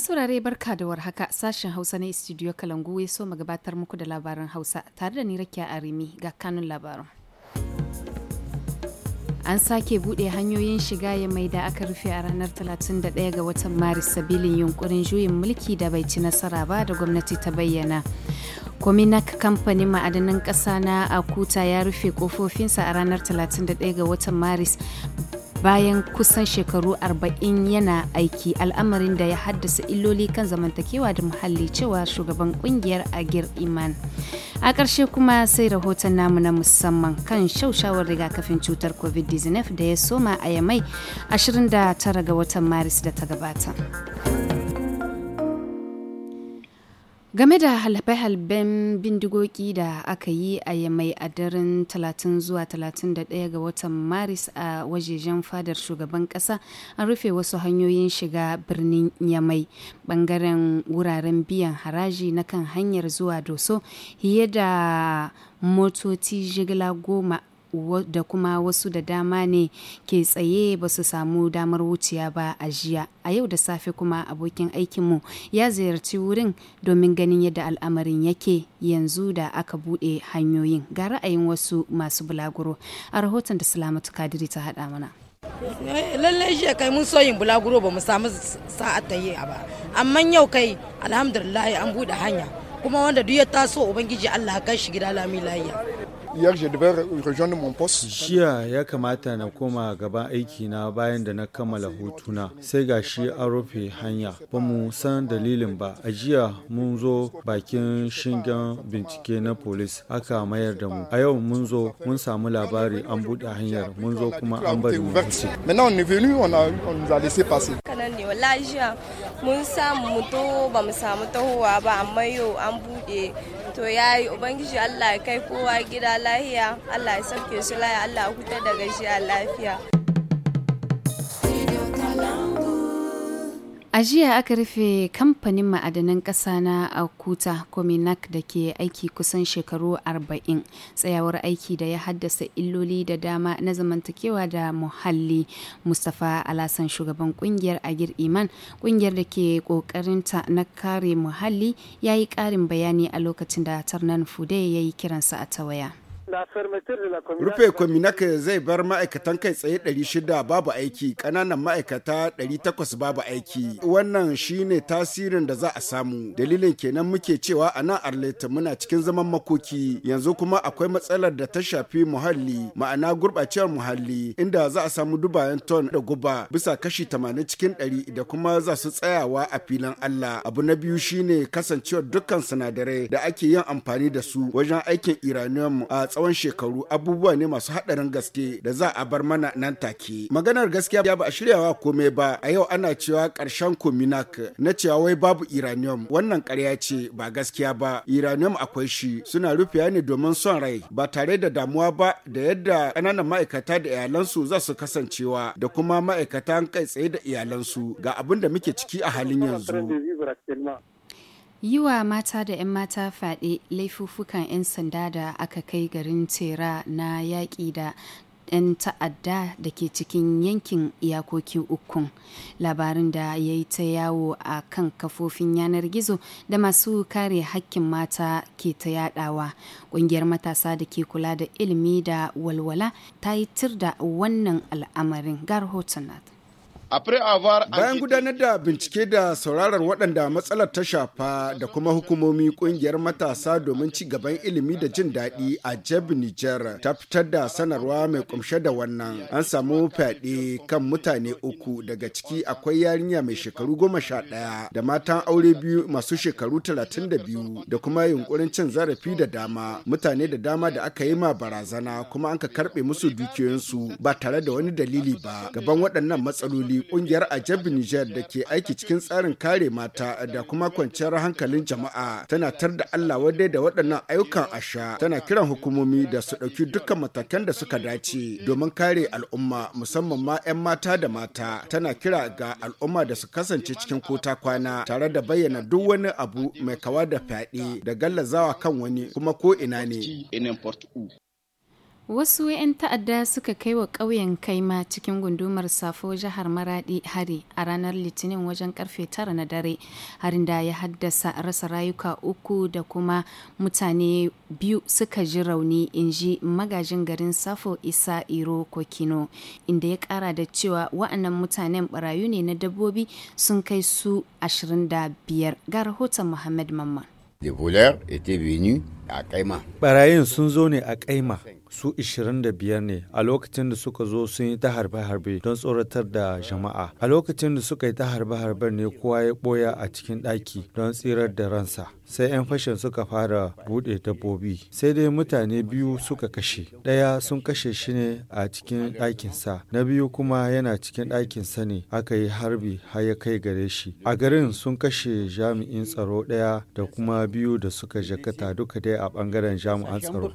saurare barka da warhaka sashen Hausa na Studio Kalangu ya so gabatar muku da labaran Hausa tare da ni Rakiya Arimi ga kanun labaran. An sake buɗe hanyoyin shiga ya mai da aka rufe a ranar 31 ga watan Maris sabilin yunkurin juyin mulki da bai ci nasara ba da gwamnati ta bayyana. Kominak kamfanin ma'adanan ƙasa na Akuta ya rufe kofofinsa a ranar 31 ga watan Maris bayan kusan shekaru 40 yana aiki al'amarin da ya haddasa illoli kan zamantakewa da muhalli cewa shugaban kungiyar agir iman a ƙarshe kuma sai rahoton namu na musamman kan shaushawar rigakafin cutar covid-19 da ya soma a yamai 29 ga watan maris da ta gabata. Game da halbe-halben bindigogi da aka yi a yamai a daren 30 zuwa 31 ga watan Maris a wajejen fadar shugaban kasa an rufe wasu hanyoyin shiga birnin yamai bangaren wuraren biyan haraji na kan hanyar zuwa doso fiye da motoci jigila goma da kuma wasu da dama ne ke tsaye ba su samu damar wuciya ba a jiya a yau da safe kuma abokin aikinmu ya ziyarci wurin domin ganin yadda al'amarin yake yanzu da aka buɗe hanyoyin ga ra'ayin wasu masu bulaguro a rahoton da salamatu kadiri ta haɗa mana lallai jiya kai mun soyin bulaguro ba mu samu sa'a ta yi ba amma yau kai alhamdulillah an buɗe hanya kuma wanda duk ya taso ubangiji Allah kai shi gida lami lahiya Jiya ya kamata na koma gaban aikina bayan da na kammala hutuna, sai gashi an rufe hanya, ba mu san dalilin ba. A jiya mun zo bakin shingen bincike na polis aka mayar da mu. A yau mun zo mun samu labari an buɗe hanyar, mun zo kuma an bari mu Kanan ne, wallahi jiya mun samu to ba mu samu tahowa ba, amma yau an buɗe to yayi ubangiji Allah ya kai kowa gida lahiya Allah ya sauke su lahiya Allah ya huta da a lafiya A jiya aka rufe kamfanin ma'adanan ƙasa na Akuta kominak da ke aiki kusan shekaru 40 tsayawar aiki da ya haddasa illoli da dama na zamantakewa da muhalli. Mustapha Alasan shugaban kungiyar Agir Iman kungiyar da ke ƙoƙarinta na kare muhalli ya yi ƙarin bayani a lokacin da Tarnan Fude ya yi kiransa a tawaya. Rufe Kwaminak zai bar ma'aikatan kai tsaye 600 babu aiki, kananan ma'aikata 800 babu aiki. Wannan shine tasirin da za a samu. Dalilin kenan muke cewa a nan Arleta muna cikin zaman makoki. Yanzu kuma akwai matsalar da ta shafi muhalli, ma'ana gurɓacewar muhalli, inda za a samu dubayen ton da guba bisa kashi 80 cikin 100 da kuma za su tsayawa a filin Allah. Abu na biyu shine kasancewar dukkan sinadarai da ake yin amfani da su wajen aikin Iranium a tsawon shekaru abubuwa ne masu haɗarin gaske da za a bar mana nan take. Maganar gaskiya ya ba a shirya wa komai ba a yau ana cewa ƙarshen kominak na cewa wai babu uranium wannan ƙarya ce ba gaskiya ba uranium akwai shi suna rufewa ne domin son rai ba tare da damuwa ba da yadda ƙananan ma'aikata da iyalansu za su kasancewa da kuma ma'aikatan kai tsaye da iyalansu ga abin da muke ciki a halin yanzu. Yi wa mata da 'yan mata fyaɗe laifuffukan 'yan sanda da aka kai garin tera na yaƙi da 'yan ta'adda da ke cikin yankin iyakokin ukun labarin da ya yi ta yawo a kan kafofin yanar gizo da masu kare hakkin mata ke ta yadawa ƙungiyar matasa da ke kula da ilimi da walwala ta yi tir da wannan al'amarin ga rahoton Bayan gudanar da bincike da sauraron waɗanda matsalar ta shafa da kuma hukumomi ƙungiyar matasa domin ci gaban ilimi da jin daɗi a Jeb Niger ta fitar da sanarwa mai kumshe da wannan. An samu fyaɗe kan mutane uku daga ciki akwai yarinya mai shekaru goma sha ɗaya da matan aure biyu masu shekaru talatin da biyu da kuma yunkurin cin zarafi da dama mutane da dama da aka yi ma barazana kuma an ka karɓe musu dukiyoyinsu ba tare da wani dalili ba gaban waɗannan matsaloli Ƙungiyar kungiyar ajab Nijar da ke aiki cikin tsarin kare mata da kuma kwanciyar hankalin jama'a tana tar da Allah wadai da waɗannan ayyukan asha tana kiran hukumomi da su ɗauki dukkan matakan da suka dace domin kare al'umma musamman ma 'yan mata da mata tana kira ga al'umma da su kasance cikin kota kwana tare da bayyana duk wani abu mai kawa da fyaɗe da gallazawa kan wani kuma ko ina ne. Wasu 'yan ta'adda suka kai wa ƙauyen Kaima cikin gundumar Safo jihar Maradi hari a ranar Litinin wajen karfe tara na dare, harin da ya haddasa rasa rayuka uku da kuma mutane biyu suka ji rauni in ji magajin garin Safo Isa Iro Kokino, inda ya ƙara da cewa wa'annan mutanen barayu ne na dabbobi sun kai su 25 ga rahoton Muhammad Mamman. a kaima. Barayin sun zo ne a kaima su 25 ne a lokacin da suka zo sun yi ta harbe-harbe don tsoratar da jama'a. A lokacin da suka yi ta harbe-harben ne kowa ya boya a cikin ɗaki don tsirar da ransa. Sai 'yan fashin suka fara buɗe dabbobi. Sai dai mutane biyu suka kashe. Ɗaya sun kashe shi ne a cikin ɗakinsa. Na biyu kuma yana cikin ɗakinsa ne aka yi harbi har ya kai gare shi. A garin sun kashe jami'in tsaro ɗaya da kuma biyu da suka jakata duka dai a bangaren jami'an tsaro.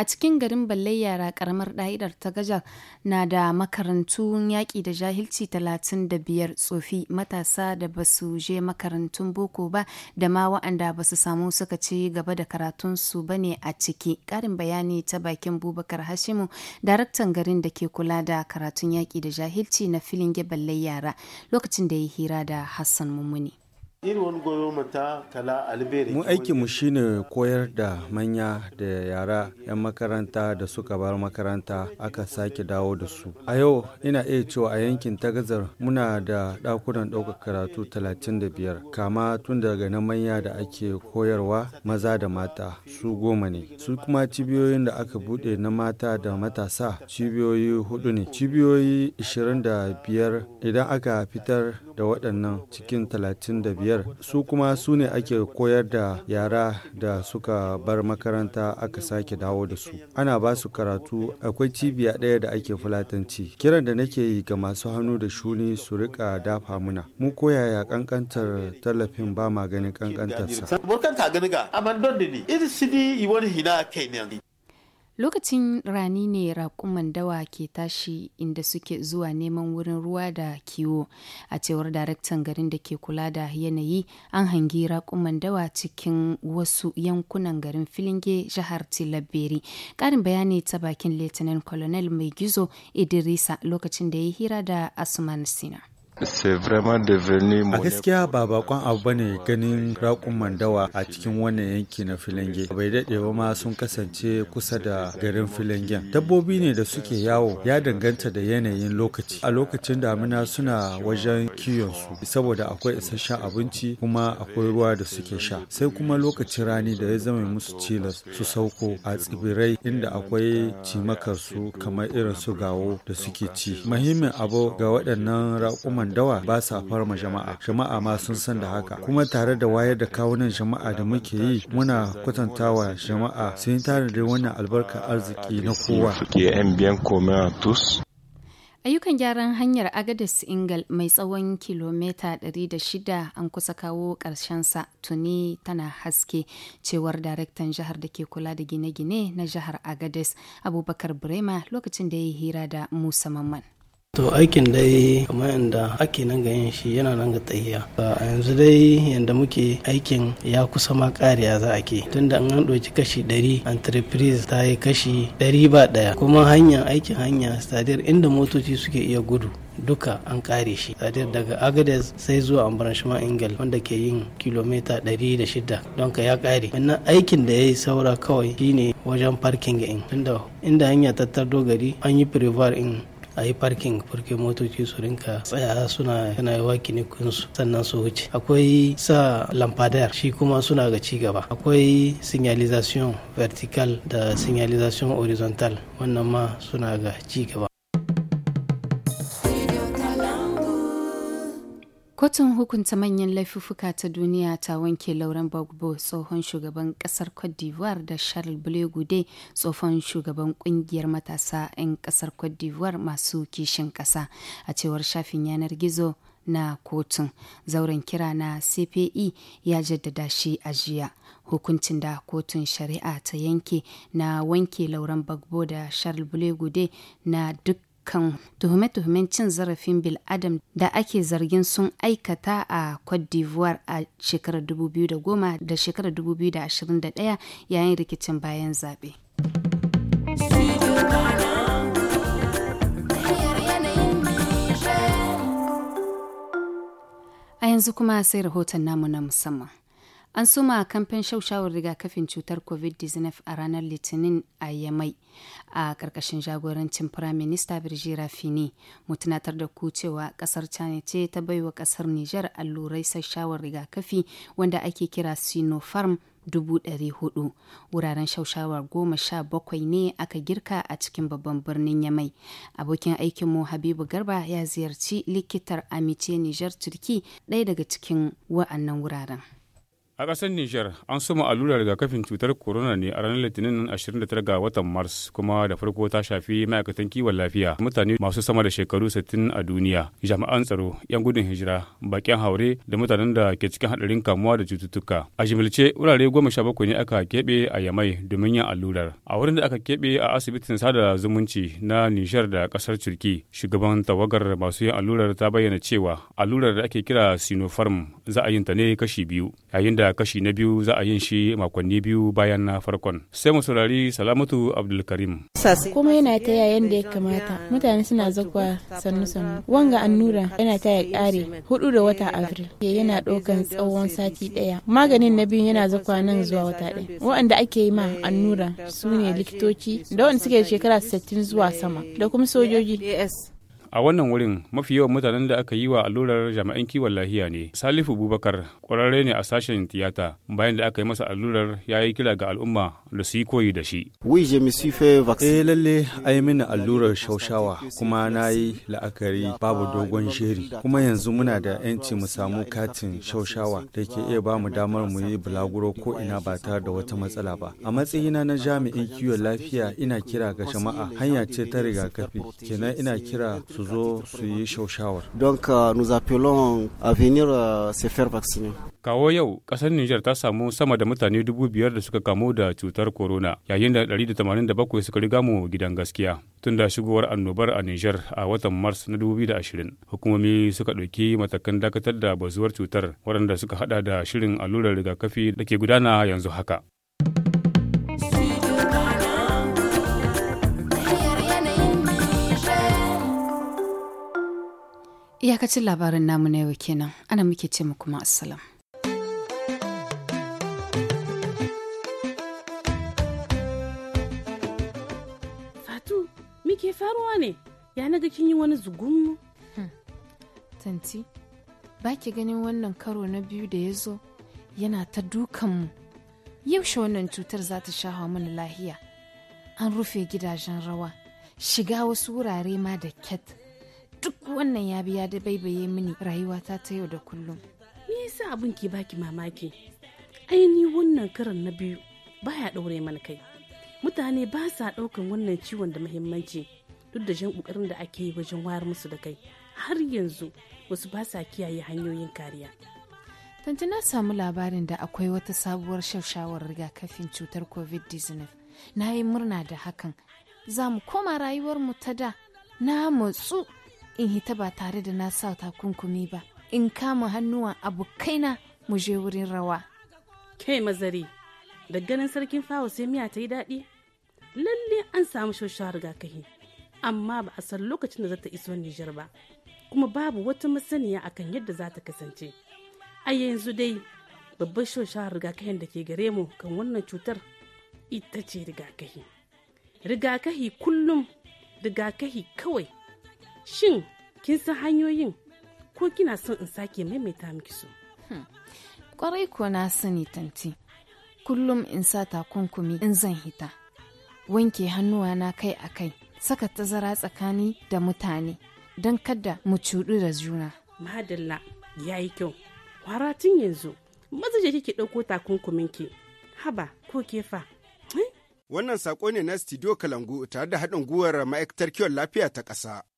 A cikin garin Ballai yara karamar ɗa'idar ta gaja na da makarantun yaƙi da jahilci 35 tsofi matasa da ba su je makarantun boko ba da ma wa'anda ba su samu suka ci gaba da karatunsu ba ne a ciki. Ƙarin bayani ta bakin Bubakar Hashimu, daraktan garin da ke kula da karatun yaƙi da jahilci na filin Ballai yara lokacin da ya hira da Hassan Mummuni. Mu aikinmu shine koyar da manya da yara 'yan makaranta da suka bar makaranta aka sake dawo da su. A yau ina iya cewa a yankin tagazar muna da dakunan ɗaukar karatu 35 kama tun daga na manya da ake koyarwa maza da mata su goma ne. Su kuma cibiyoyin da aka buɗe na mata da matasa cibiyoyi hudu ne. Cibiyoyi 25 idan aka fitar da waɗannan cikin 35 biyar su kuma su ne ake koyar da yara da suka bar makaranta aka sake dawo da su ana ba su karatu akwai cibiya ɗaya da ake fulatanci kiran da nake yi ga masu hannu da shuni su rika dafa muna mu koyaya kankantar tallafin ba ma ganin kankantarsa Lokacin rani ne raƙuman dawa ke tashi inda suke zuwa neman wurin ruwa da kiwo. A cewar daraktan garin da ke kula da yanayi an hangi raƙuman dawa cikin wasu yankunan garin Filinge jihar Tilaberi. Ƙarin bayani ta bakin litinin Colonel Mai Gizo Idrisa lokacin da ya hira da Asman Sina. A gaskiya ba bakon abu bane ganin rakun mandawa a cikin wannan yanki na filange. Bai daɗe ba ma sun kasance kusa da garin filangen. Dabbobi ne da suke yawo ya danganta da yanayin lokaci. A lokacin damina suna wajen kiyonsu. saboda akwai isasshen abinci kuma akwai ruwa da suke sha. Sai kuma lokacin rani da ya zama musu cilas su sauko a tsibirai inda akwai cimakar kamar irin su gawo da suke ci. Muhimmin abu ga waɗannan raƙuman dawa ba sa farma jama'a jama'a ma sun san da haka kuma tare da wayar da kawunan jama'a da muke yi muna kwatantawa jama'a sun yi tare da wannan albarkar arziki na kowa ayyukan gyaran hanyar agadis ingal mai tsawon kilomita 600 an kusa kawo sa tuni tana haske cewar daraktan jihar da ke kula da gine-gine na jihar agadis abubakar brema lokacin da ya yi hira da musa mamman To aikin dai kamar yadda ake nan ga yin shi yana nan ga tsayiya. A yanzu dai yadda muke aikin ya kusa ma kariya za a ke. Tunda an an ɗauki kashi ɗari entreprise ta yi kashi ɗari ba ɗaya. Kuma hanyar aikin hanya stadir inda motoci suke iya gudu. duka an kare shi sadir daga agades sai zuwa ambaranshima ingil wanda ke yin kilomita 106 don ka ya kare wannan aikin da ya yi saura kawai shine wajen parking in inda hanya tattar dogari an yi prevar in a yi parking furke motoci su rinka tsaya suna yana yawa waki kunsu sannan su wuce akwai sa lampadar shi kuma suna ga ci gaba akwai signalization vertical da signalization horizontal wannan ma suna ga ci gaba Kotun hukunta manyan laifuffuka ta duniya ta wanke Lauren bagbo tsohon shugaban kasar Cote d'Ivoire da Charles Blé Goudé tsohon shugaban kungiyar matasa 'yan kasar Cote d'Ivoire masu kishin kasa a cewar shafin yanar gizo na kotun zauren kira na CPE ya jaddada shi a jiya. hukuncin da kotun shari'a ta yanke na wanke lauren bagbo da charles blé na duk kan tuhume-tuhumen cin zarafin bil'adam da ake zargin sun aikata a Cote d'Ivoire a shekarar 2010 da shekarar 2021 yayin rikicin bayan zaɓe. A yanzu kuma sai rahoton namu na musamman. An suma kamfen shaushawar rigakafin cutar COVID-19 a ranar Litinin a Yamai a karkashin jagorancin Firaminista Birji fini Mu tunatar da ku cewa ƙasar China ce ta baiwa ƙasar Nijar allurai shaushawar rigakafi wanda ake kira Sinopharm 400 wuraren shaushawar goma sha bakwai ne aka girka a cikin babban birnin yamai abokin aikinmu habibu garba ya ziyarci likitar amice nijar turki ɗaya daga cikin wa'annan wuraren A ƙasar Nijar an suma allurar kafin cutar corona ne a ranar Litinin 29 ga watan Mars kuma da farko ta shafi ma'aikatan kiwon lafiya, mutane masu sama da shekaru 60 a duniya, jami'an tsaro, 'yan gudun hijira, baƙin haure da mutanen da ke cikin haɗarin kamuwa da cututtuka. A jimilce wurare sha bakwai ne aka keɓe a Yamai domin yin allurar. A wurin da aka keɓe a asibitin sada zumunci na Nijar da ƙasar Turki, shugaban tawagar masu yin allurar ta bayyana cewa allurar da ake kira Sinopharm za a yin ta ne kashi biyu, yayin da kashi na biyu za a yin shi makonni biyu bayan na farkon. Sai mu saurari Salamatu Abdulkarim. Kuma yana ta yayan da ya kamata. Mutane suna zakwa sannu sannu. Wanga annura yana ta ya kare hudu da wata Afril. Yana ɗaukan tsawon sati ɗaya. Maganin na biyu yana zakwa nan zuwa wata ɗaya. Waɗanda ake yi ma annura su ne likitoci da waɗanda suke shekara sittin zuwa sama da kuma sojoji. A wannan wurin mafi yawan mutanen da aka yi wa allurar jami'an kiwon lafiya ne. Salifu Bubakar ƙwararre ne a sashen tiyata bayan da aka yi masa allurar ya yi kira ga al'umma da su yi koyi da shi. Eh lalle a yi mini allurar shaushawa kuma na yi la'akari babu dogon sheri kuma yanzu muna da 'yanci mu samu katin shaushawa da ke iya ba mu damar mu yi bulaguro ko ina ba tare da wata matsala ba. A matsayina na jami'in kiwon lafiya ina kira ga jama'a hanya ce ta rigakafi kenan ina kira su zo su shaushawar. Don ka Kawo yau, ƙasar Nijar ta samu sama da mutane dubu biyar da suka kamo da cutar corona yayin da 187 suka riga mu gidan gaskiya. Tun da shigowar annobar a Nijar a watan Mars na 2020, hukumomi suka ɗauki matakan dakatar da bazuwar cutar waɗanda suka haɗa da shirin allurar rigakafi da ke gudana yanzu haka. Iyakacin labarin namu na yau kenan, ana muke ce mu kuma assalam. Fatu, muke faruwa ne? Ya naga kin yi wani zugun hmm. Tanti, ba ki ganin wannan karo na biyu da ya zo yana ta dukanmu. Yaushe wannan cutar za ta sha mana lahiya. An rufe gidajen rawa, shiga wasu wurare ma da ket. duk wannan ya biya da baibaye mini rayuwata ta yau da kullum me yasa abin ke baki mamaki aini wannan karan na biyu baya ɗaure mana kai mutane ba sa ɗaukan wannan ciwon da muhimmanci duk da jan ƙoƙarin da ake yi wajen wayar musu da kai har yanzu wasu ba sa kiyaye hanyoyin kariya tanti na samu labarin da akwai wata sabuwar shawarar rigakafin cutar covid-19 na yi murna da hakan za mu koma mu ta da na matsu. in hita ba tare da na sa takunkumi ba in kama hannuwan abokaina mu je wurin rawa ke mazari da ganin sarkin fawa sai miya ta yi daɗi lalle an samu shoshuwar rigakahi amma ba a san lokacin da za ta iso nijar ba kuma babu wata masaniya akan yadda za ta kasance a yanzu dai babbar shoshuwar rigakafin da ke gare mu kan wannan cutar ita ce rigakahi rigakahi kullum rigakahi kawai shin kin san hanyoyin ko kina son in sake maimaita miki su hmm. kwarai ko na sani tanti kullum in sa takunkumi in zan hita wanke hannuwa na kai a kai saka tazara tsakani da mutane don kada mu cuɗu da juna madalla ya yi kyau kwara tun yanzu mazaje kike ɗauko takunkuminki haba ko kefa hmm? Wannan sako ne na Studio Kalangu tare da haɗin guwar ma'aikatar kiwon lafiya ta ƙasa.